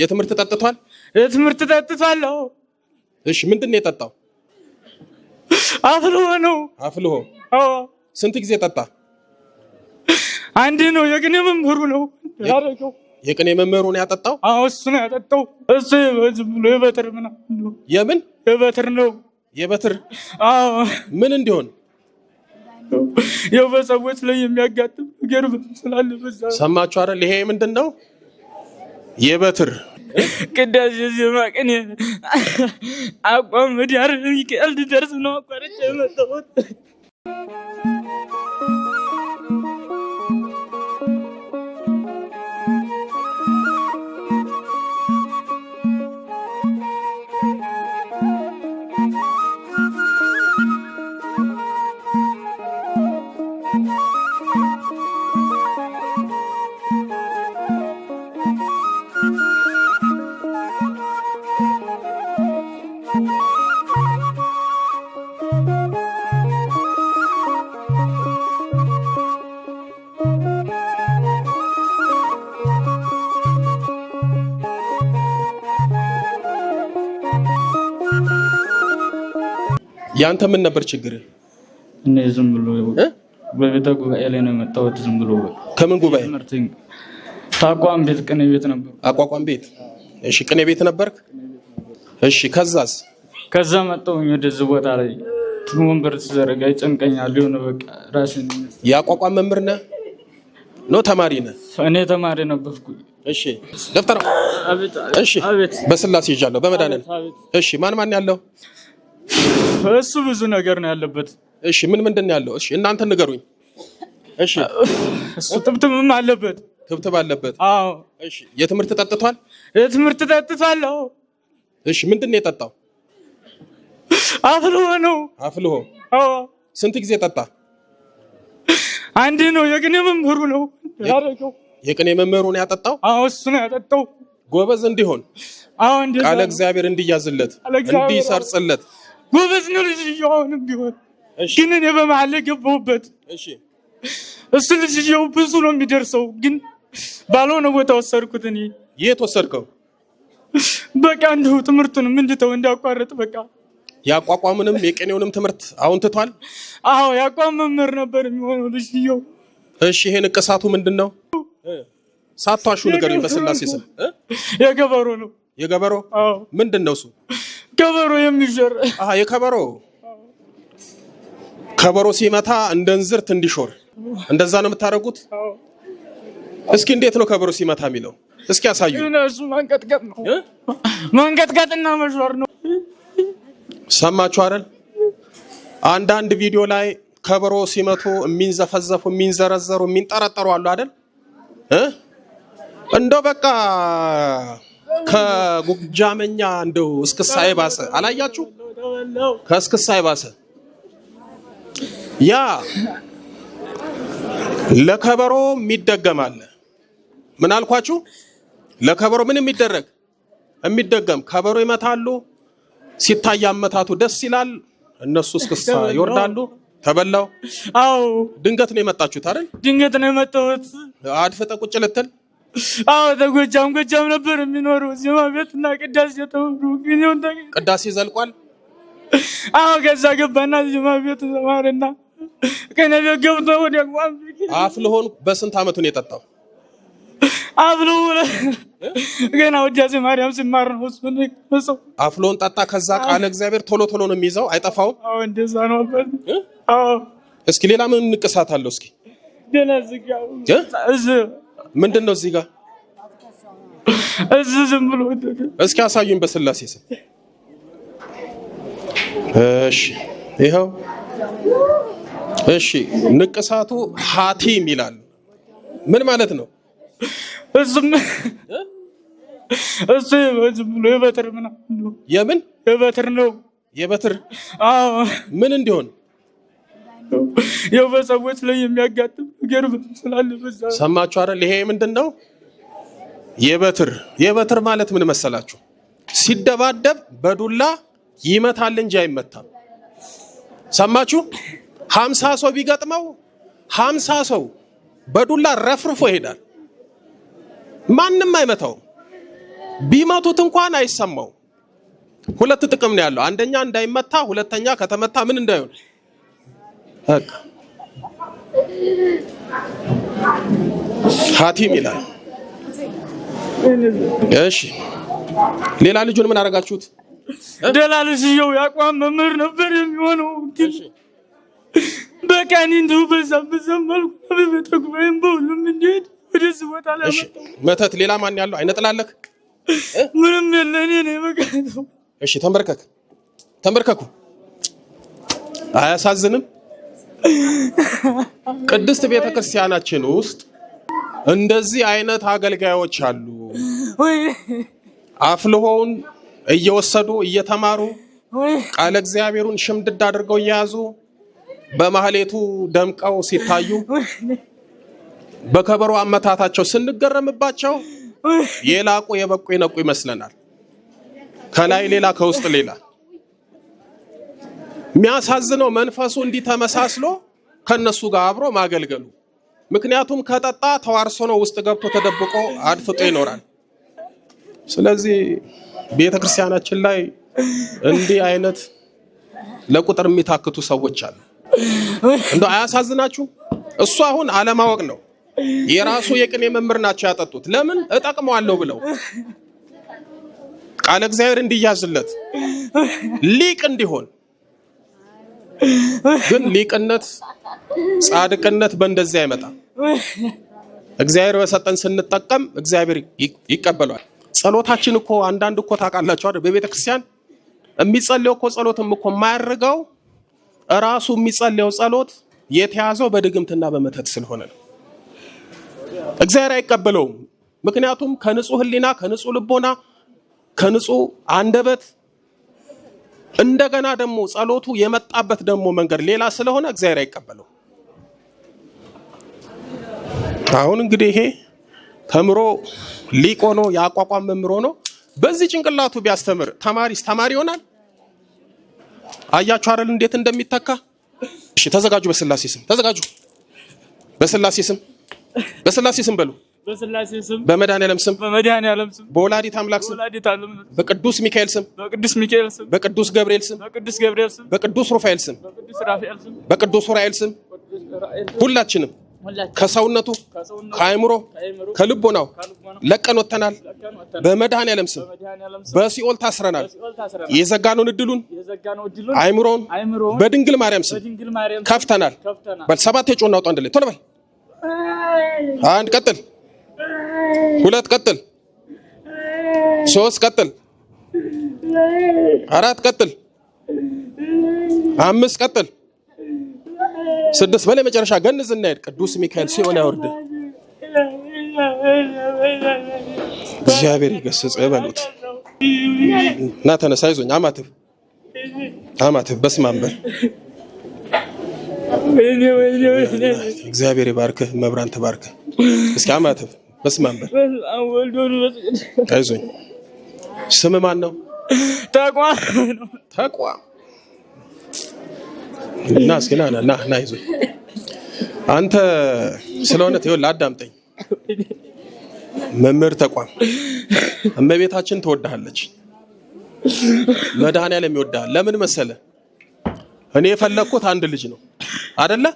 የትምህርት ጠጥቷል? የትምህርት ጠጥቷል። እሺ፣ ምንድን ነው የጠጣው? አፍልሆ ነው። አፍልሆ? አዎ። ስንት ጊዜ ጠጣ? አንድ ነው። የቅኔ መምህሩ ነው ያደረገው። የቅኔ መምህሩ ነው ያጠጣው? አዎ፣ እሱ ነው ያጠጣው። እሱ የበትር ምናምን ነው። የምን የበትር ነው? የበትር አዎ። ምን እንዲሆን ያው በሰዎች ላይ የሚያጋጥም ነገር ስላለ በዛ። ሰማችሁ አይደል? ይሄ ምንድን ነው የበትር ቅዳሴ ዜማ ቅኔ አቋም ዳር ሚካኤል ድደርስ ነው አቋርጬ የመጣሁት። ያንተ ምን ነበር ችግር? እኔ ዝም ብሎ በቤተ ጉባኤ ላይ ነው የመጣሁት። ዝም ብሎ ከምን ጉባኤ? ታቋም ቤት ቅኔ ቤት ነበር። አቋቋም ቤት እሺ። ቅኔ ቤት ነበርክ? እሺ። ከዛስ? ከዛ መጣሁኝ ወደዚህ ቦታ ላይ ወንበር ተዘረጋ። ይጨንቀኛል። የሆነ በቃ ራሴን የአቋቋም መምህር ነህ ነው ተማሪ ነህ? እኔ ተማሪ ነበርኩ። እሺ። ደፍተር ነው። እሺ። በስላሴ ይዣለሁ። በመድኃኒዓለም እሺ። ማን ማን ያለው እሱ ብዙ ነገር ነው ያለበት። እሺ ምን ምንድን ነው ያለው? እሺ እናንተ ንገሩኝ። እሺ እሱ ትብትብም አለበት፣ ትብትብ አለበት። አዎ እሺ የትምህርት ጠጥቷል፣ የትምህርት ጠጥቷል። እሺ ምንድን ነው የጠጣው? አፍልሆ ነው። አፍልሆ? አዎ። ስንት ጊዜ ጠጣ? አንድ ነው። የቅኔ መምህሩ ነው ያደረገው። የቅኔ መምህሩ ነው ያጠጣው? አዎ እሱ ነው ያጠጣው። ጎበዝ እንዲሆን ቃለ እግዚአብሔር እንዲያዝለት እንዲሰርጽለት ጎበዝ ነው ልጅየው አሁንም ቢሆን ግን እኔ በመሀል ላይ ገባሁበት። እሱ ልጅየው ብዙ ነው የሚደርሰው፣ ግን ባልሆነ ቦታ ወሰድኩት። እኔ የት ወሰድከው? በቃ እንዲሁ ትምህርቱንም እንድተው እንዳቋረጥ በቃ የአቋቋምንም የቅኔውንም ትምህርት አሁን ትቷል። አዎ የአቋም መምህር ነበር የሚሆነው ልጅየው። እሺ ይሄን እቅሳቱ ምንድን ነው? ሳቷሹ ነገር በስላሴ ስል የገበሩ ነው የገበሮ ምንድን ነው እሱ? ገበሮ የሚሾር የከበሮ ከበሮ ሲመታ እንደ እንዝርት እንዲሾር እንደዛ ነው የምታደርጉት? እስኪ እንዴት ነው ከበሮ ሲመታ የሚለው እስኪ ያሳዩ። እሱ ነው፣ መሾር ነው። ሰማችሁ አይደል? አንዳንድ ቪዲዮ ላይ ከበሮ ሲመቱ የሚንዘፈዘፉ፣ የሚንዘረዘሩ፣ የሚንጠረጠሩ አሉ አይደል? እንደው በቃ ከጎጃመኛ እንደው እስክስታ የባሰ አላያችሁ? ከእስክስታ የባሰ ያ ለከበሮ የሚደገም አለ። ምን አልኳችሁ? ለከበሮ ምን የሚደረግ የሚደገም ከበሮ ይመታሉ። ሲታይ አመታቱ ደስ ይላል። እነሱ እስክስታ ይወርዳሉ። ተበላው። አዎ፣ ድንገት ነው የመጣችሁት አይደል? ድንገት ነው የመጣሁት። አድፍጠ ቁጭ ልትል አዎ ተጎጃም ጎጃም ነበር የሚኖረው። ዜማ ቤትና ቅዳሴ ተምሩ ግኔውን ቅዳሴ ዘልቋል። አዎ ከዛ ገባና ዜማ ቤት ተማርና ከነቤት ገብቶ ወደ ቋም አፍልሆን በስንት አመቱ ነው የጠጣው? አፍሎ ገና ወዳሴ ማርያም ሲማር ነው እሱ ነው አፍሎን ጠጣ። ከዛ ቃለ እግዚአብሔር ቶሎ ቶሎ ነው የሚይዘው አይጠፋውም። አዎ እንደዛ ነው አባት። አዎ እስኪ ሌላ ምን ንቅሳት አለው? እስኪ ደና ዝጋው እዚህ ምንድን ነው እዚህ ጋር? እዚህ ዝም ብሎ እስኪ አሳዩኝ በስላሴ ስም። እሺ ይኸው። እሺ ንቅሳቱ ሀቲም ይላል። ምን ማለት ነው? እሱም እሱ ዝም ብሎ የበትር ምናምን የምን የበትር ነው የበትር አዎ ምን እንዲሆን ያው በሰዎች ላይ የሚያጋጥም ነገር ስላለ በዛ ሰማችሁ አይደል? ይሄ ምንድን ነው የበትር የበትር ማለት ምን መሰላችሁ? ሲደባደብ በዱላ ይመታል እንጂ አይመታም። ሰማችሁ? ሀምሳ ሰው ቢገጥመው ሀምሳ ሰው በዱላ ረፍርፎ ይሄዳል። ማንም አይመታውም። ቢመቱት እንኳን አይሰማው። ሁለት ጥቅም ነው ያለው። አንደኛ እንዳይመታ፣ ሁለተኛ ከተመታ ምን እንዳይሆን ሀቲም ይላል። እሺ ሌላ ልጁን ምን አደረጋችሁት? ደላ ልጅየው የአቋም መምህር ነበር የሚሆነው። በቃኒ እንዲሁ በዛም በዛም መልኩ በቤተ ጉባኤም በሁሉም እንዲሄድ ወደዚህ ቦታ ላይ መተት። ሌላ ማን ያለው አይነጥላለክ? ምንም የለ እኔ ነኝ በቃ። እሺ ተንበርከክ፣ ተንበርከኩ። አያሳዝንም? ቅድስት ቤተ ክርስቲያናችን ውስጥ እንደዚህ አይነት አገልጋዮች አሉ። አፍልሆውን እየወሰዱ እየተማሩ ቃለ እግዚአብሔሩን ሽምድድ አድርገው እየያዙ በማህሌቱ ደምቀው ሲታዩ በከበሮ አመታታቸው ስንገረምባቸው የላቁ የበቁ የነቁ ይመስለናል። ከላይ ሌላ ከውስጥ ሌላ የሚያሳዝነው መንፈሱ እንዲህ ተመሳስሎ ከነሱ ጋር አብሮ ማገልገሉ። ምክንያቱም ከጠጣ ተዋርሶ ነው ውስጥ ገብቶ ተደብቆ አድፍጦ ይኖራል። ስለዚህ ቤተ ክርስቲያናችን ላይ እንዲህ አይነት ለቁጥር የሚታክቱ ሰዎች አሉ። እንደው አያሳዝናችሁ? እሱ አሁን አለማወቅ ነው። የራሱ የቅኔ መምህር ናቸው ያጠጡት። ለምን እጠቅመዋለሁ ብለው ቃለ እግዚአብሔር እንዲያዝለት ሊቅ እንዲሆን ግን ሊቅነት፣ ጻድቅነት በእንደዚህ አይመጣም። እግዚአብሔር በሰጠን ስንጠቀም እግዚአብሔር ይቀበሏል። ጸሎታችን እኮ አንዳንድ እኮ ታውቃላችሁ አይደል? በቤተ ክርስቲያን የሚጸልየው እኮ ጸሎትም እኮ የማያደርገው እራሱ የሚጸልየው ጸሎት የተያዘው በድግምትና በመተት ስለሆነ ነው። እግዚአብሔር አይቀበለውም። ምክንያቱም ከንጹህ ህሊና ከንጹህ ልቦና ከንጹህ አንደበት እንደገና ደግሞ ጸሎቱ የመጣበት ደግሞ መንገድ ሌላ ስለሆነ እግዚአብሔር አይቀበለው። አሁን እንግዲህ ይሄ ተምሮ ሊቅ ሆኖ የአቋቋም መምህር ሆኖ በዚህ ጭንቅላቱ ቢያስተምር ተማሪስ ተማሪ ይሆናል? አያችሁ አይደል እንዴት እንደሚተካ። እሺ ተዘጋጁ፣ በስላሴ ስም ተዘጋጁ፣ በስላሴ ስም በስላሴ ስም በሉ። በስላሴ ስም በመድኃኔዓለም ስም በመድኃኔዓለም ስም በወላዲት አምላክ ስም በቅዱስ ሚካኤል ስም በቅዱስ ሚካኤል ስም በቅዱስ ገብርኤል ስም በቅዱስ ገብርኤል ስም በቅዱስ ሩፋኤል ስም በቅዱስ ራኤል ስም ሁላችንም ከሰውነቱ ከአእምሮ ከልቦናው ለቀን ወጥተናል። በመድኃኔዓለም ስም በሲኦል ታስረናል። የዘጋነውን እድሉን አእምሮውን በድንግል ማርያም ስም ከፍተናል። በል ሰባት የጮና አውጣ ቶሎ በል አንድ ቀጥል ሁለት ቀጥል፣ ሶስት ቀጥል፣ አራት ቀጥል፣ አምስት ቀጥል፣ ስድስት በላይ መጨረሻ ገንዝ እናሄድ። ቅዱስ ሚካኤል ሲሆን ያወርድ። እግዚአብሔር ይገስጽ በሉት እና ተነሳ፣ ይዞኝ አማትብ አማትብ በስማንበል እግዚአብሔር ይባርክህ። መብራን ትባርክህ። እስኪ አማትብ በስመ አብ አይዞኝ። ስም ማን ነው? ተቋም ተቋም እና እስኪ ና ና ና ይዞኝ አንተ ስለ እውነት ይኸውልህ፣ አዳምጠኝ። መምህር ተቋም እመቤታችን ትወድሃለች፣ መድኃኔዓለም ይወድሃል። ለምን መሰለ? እኔ የፈለግኩት አንድ ልጅ ነው አደለ?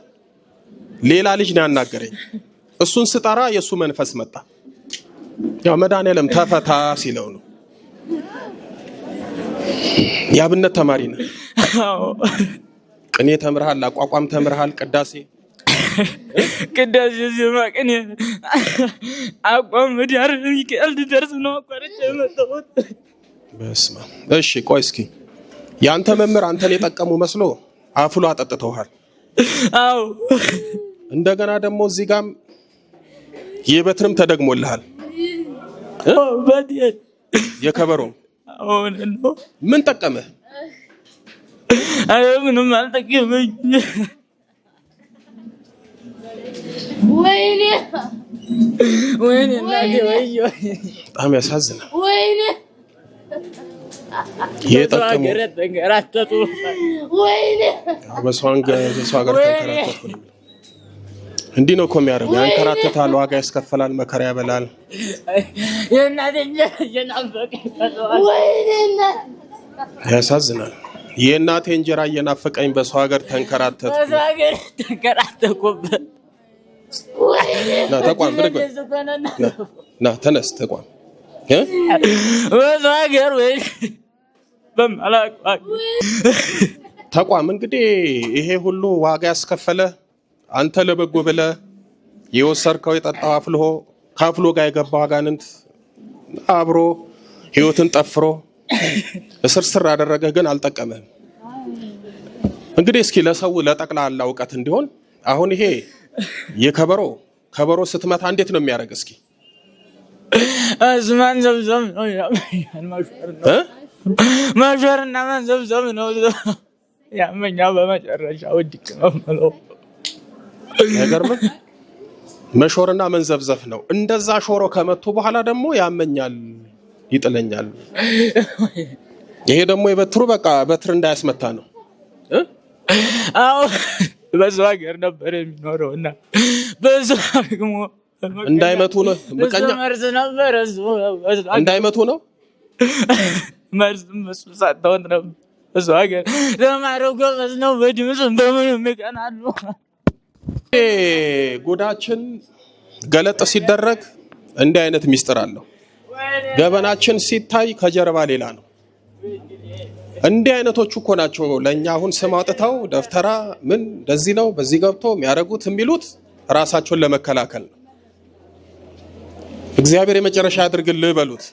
ሌላ ልጅ ነው ያናገረኝ እሱን ስጠራ የእሱ መንፈስ መጣ። ያው መድኃኒዓለም ተፈታ ሲለው ነው። የአብነት ተማሪ ነህ? ቅኔ ተምርሃል፣ አቋቋም ተምርሃል፣ ቅዳሴ ቅዳሴ ዜማ፣ ቅኔ፣ አቋም ዳር ሚካኤል ድደርስ ነው አቋርጬ የመጣሁት። በስመ አብ። እሺ ቆይ እስኪ የአንተ መምህር አንተን የጠቀሙ መስሎ አፍሎ አጠጥተውሃል። አዎ። እንደገና ደግሞ እዚህ ጋም ይህ በትርም ተደግሞልሃል። የከበሮ ምን ጠቀመ? ምንም አልጠቀመኝ። ወይኔ ወይኔ እናቴ ወይዬ፣ በጣም ያሳዝናል። ወይኔ የጠቀመው በሰው ሀገር ተንከራተትኩ እንዲህ ነው እኮ የሚያደርገው። ያንከራተታል፣ ዋጋ ያስከፈላል፣ መከራ ያበላል። ያሳዝናል። የእናቴ እንጀራ እየናፈቀኝ በሰው ሀገር ተቋም ተነስ፣ ተቋም ሀገር ተቋም። እንግዲህ ይሄ ሁሉ ዋጋ ያስከፈለ አንተ ለበጎ ብለህ የወሰርከው የጠጣው አፍልሆ ካፍሎ ጋር የገባው አጋንንት አብሮ ህይወትን ጠፍሮ እስርስር አደረገ፣ ግን አልጠቀመህም። እንግዲህ እስኪ ለሰው ለጠቅላላ እውቀት እንዲሆን አሁን ይሄ የከበሮ ከበሮ ስትመታ እንዴት ነው የሚያደርግ? እስኪ አስማን ዘብዘብ ነው ማሸርና ማን ዘብዘብ ነው ያመኛ በመጨረሻ ውድቅ ነው አይገርምም? መሾርና መንዘፍዘፍ ነው። እንደዛ ሾሮ ከመቶ በኋላ ደግሞ ያመኛል፣ ይጥለኛል። ይሄ ደግሞ የበትሩ በቃ በትር እንዳያስመታ ነው። አዎ በዛ ሀገር ነበር የሚኖረው እና በዛ ደግሞ እንዳይመቱ ነው። ምቀኛ መርዝ ነበር እሱ እንዳይመቱ ነው። መርዝ መስሎ ሳታወት ነበር። በዛ ሀገር ለማድረግ ጎበዝ ነው። በድምፅም በምንም ይቀናሉ። ጉዳችን ገለጥ ሲደረግ እንዲህ አይነት ሚስጥር አለው። ገበናችን ሲታይ ከጀርባ ሌላ ነው። እንዲህ አይነቶቹ እኮ ናቸው ለእኛ አሁን ስም አውጥተው ደብተራ ምን እንደዚህ ነው በዚህ ገብቶ የሚያደርጉት የሚሉት ራሳቸውን ለመከላከል ነው። እግዚአብሔር የመጨረሻ ያድርግልህ በሉት።